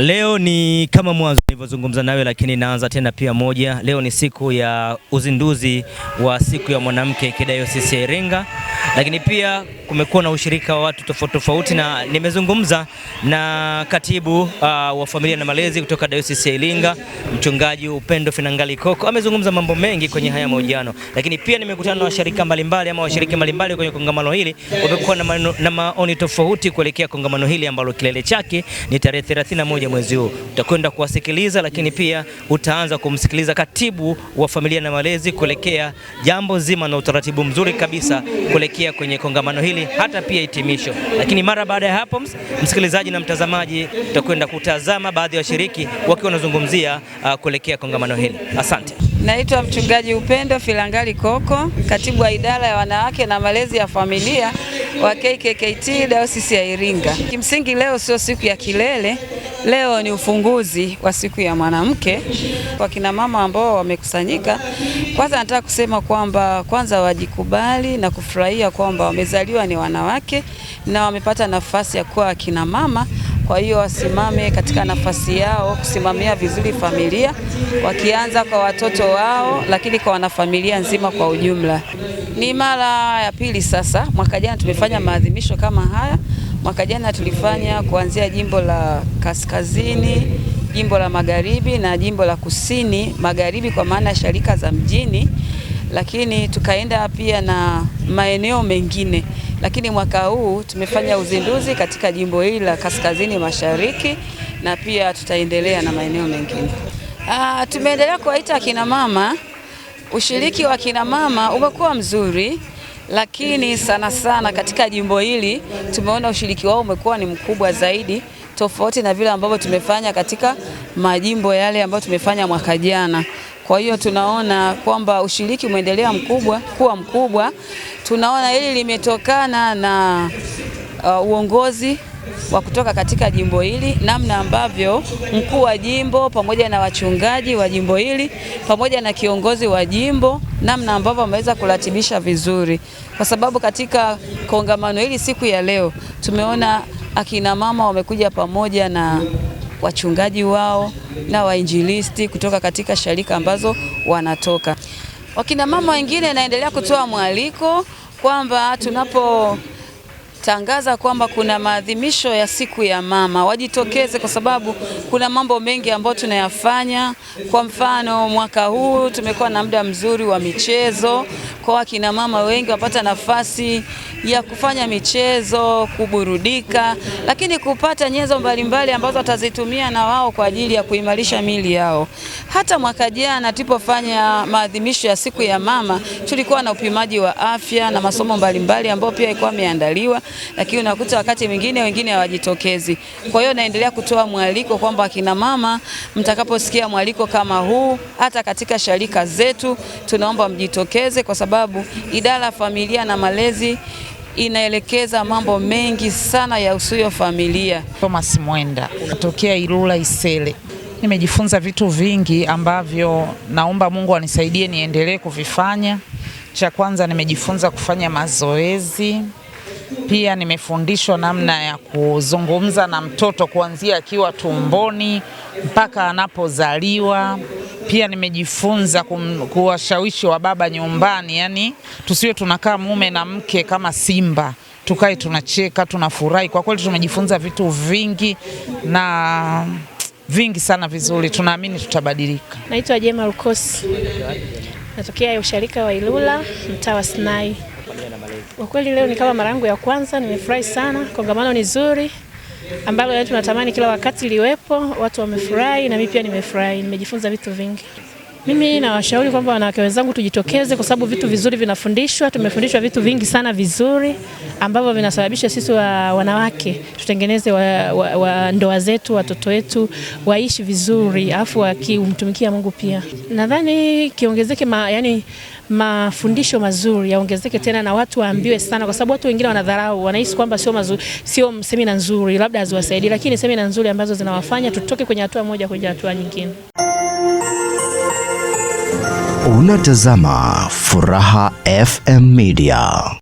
Leo ni kama mwanzo. Nilivyozungumza nawe lakini naanza tena pia moja. Leo ni siku ya uzinduzi wa siku ya mwanamke kidayosisi ya Iringa, lakini pia kumekuwa na ushirika wa watu tofauti tofauti, na nimezungumza na katibu uh, wa familia na malezi kutoka dayosisi ya Iringa, mchungaji Upendo Finangali Koko. Amezungumza mambo mengi kwenye haya mahojiano, lakini pia nimekutana na washirika mbalimbali ama washiriki mbalimbali kwenye kongamano hili, wamekuwa na, na maoni tofauti kuelekea kongamano hili ambalo kilele chake ni tarehe 31 mwezi huu. Tutakwenda kuwasikiliza kumsikiliza, lakini pia utaanza kumsikiliza katibu wa familia na malezi kuelekea jambo zima na utaratibu mzuri kabisa kuelekea kwenye kongamano hili, hata pia hitimisho. Lakini mara baada ya hapo, msikilizaji na mtazamaji, tutakwenda kutazama baadhi ya washiriki wakiwa wanazungumzia uh, kuelekea kongamano hili. Asante. Naitwa mchungaji Upendo Filangali Koko, katibu wa idara ya wanawake na malezi ya familia wa KKKT Dayosisi ya Iringa. Kimsingi leo sio siku ya kilele, leo ni ufunguzi wa siku ya mwanamke. Kwa kina mama ambao wamekusanyika, kwanza nataka kusema kwamba kwanza wajikubali na kufurahia kwamba wamezaliwa ni wanawake na wamepata nafasi ya kuwa kina mama kwa hiyo wasimame katika nafasi yao kusimamia vizuri familia, wakianza kwa watoto wao, lakini kwa wanafamilia nzima kwa ujumla. Ni mara ya pili sasa. Mwaka jana tumefanya maadhimisho kama haya. Mwaka jana tulifanya kuanzia jimbo la kaskazini, jimbo la magharibi na jimbo la kusini magharibi, kwa maana ya sharika za mjini, lakini tukaenda pia na maeneo mengine lakini mwaka huu tumefanya uzinduzi katika jimbo hili la Kaskazini Mashariki na pia tutaendelea na maeneo mengine. Ah, tumeendelea kuwaita akina mama. Ushiriki wa akina mama umekuwa mzuri, lakini sana sana katika jimbo hili tumeona ushiriki wao umekuwa ni mkubwa zaidi tofauti na vile ambavyo tumefanya katika majimbo yale ambayo tumefanya mwaka jana. Kwa hiyo tunaona kwamba ushiriki umeendelea mkubwa kuwa mkubwa. Tunaona hili limetokana na uh, uongozi wa kutoka katika jimbo hili, namna ambavyo mkuu wa jimbo pamoja na wachungaji wa jimbo hili pamoja na kiongozi wa jimbo, namna ambavyo wameweza kuratibisha vizuri, kwa sababu katika kongamano hili siku ya leo tumeona akina mama wamekuja pamoja na wachungaji wao na wainjilisti kutoka katika sharika ambazo wanatoka. Wakina mama wengine naendelea kutoa mwaliko kwamba tunapo tangaza kwamba kuna maadhimisho ya siku ya mama, wajitokeze kwa sababu kuna mambo mengi ambayo tunayafanya. Kwa mfano mwaka huu tumekuwa na muda mzuri wa michezo, kwa wakina mama wengi wapata nafasi ya kufanya michezo, kuburudika, lakini kupata nyenzo mbalimbali ambazo watazitumia na wao kwa ajili ya kuimarisha miili yao. Hata mwaka jana tulipofanya maadhimisho ya siku ya mama, tulikuwa na upimaji wa afya na masomo mbalimbali ambayo pia ilikuwa imeandaliwa lakini unakuta wakati mwingine wengine hawajitokezi. Kwa hiyo naendelea kutoa mwaliko kwamba akina mama, mtakaposikia mwaliko kama huu, hata katika sharika zetu, tunaomba mjitokeze, kwa sababu idara ya familia na malezi inaelekeza mambo mengi sana ya usuyo familia. Thomas Mwenda natokea Ilula Isele. Nimejifunza vitu vingi ambavyo naomba Mungu anisaidie niendelee kuvifanya. Cha kwanza nimejifunza kufanya mazoezi. Pia nimefundishwa namna ya kuzungumza na mtoto kuanzia akiwa tumboni mpaka anapozaliwa. Pia nimejifunza kuwashawishi wa baba nyumbani, yani tusiwe tunakaa mume na mke kama simba tukae tunacheka, tunafurahi. Kwa kweli tumejifunza vitu vingi na vingi sana vizuri, tunaamini tutabadilika. Naitwa Jema Lukosi, natokea usharika wa Ilula, mtaa wa Sinai pamoja na malezi. Kwa kweli leo ni kama mara yangu ya kwanza, nimefurahi sana. Kongamano ni zuri ambalo tunatamani kila wakati liwepo, watu wamefurahi na mimi pia nimefurahi, nimejifunza vitu vingi. Mimi nawashauri kwamba wanawake wenzangu tujitokeze, kwa sababu vitu vizuri vinafundishwa. Tumefundishwa vitu vingi sana vizuri ambavyo vinasababisha sisi wa wanawake tutengeneze wa, wa, wa ndoa zetu, watoto wetu waishi vizuri, afu wakimtumikia Mungu pia. Nadhani kiongezeke ma, yani mafundisho mazuri yaongezeke tena na watu waambiwe sana, kwa sababu watu wengine wanadharau, wanahisi kwamba sio mazuri, sio semina nzuri, labda haziwasaidii, lakini semina nzuri ambazo zinawafanya tutoke kwenye hatua moja kwenye hatua nyingine. Unatazama Furaha FM Media.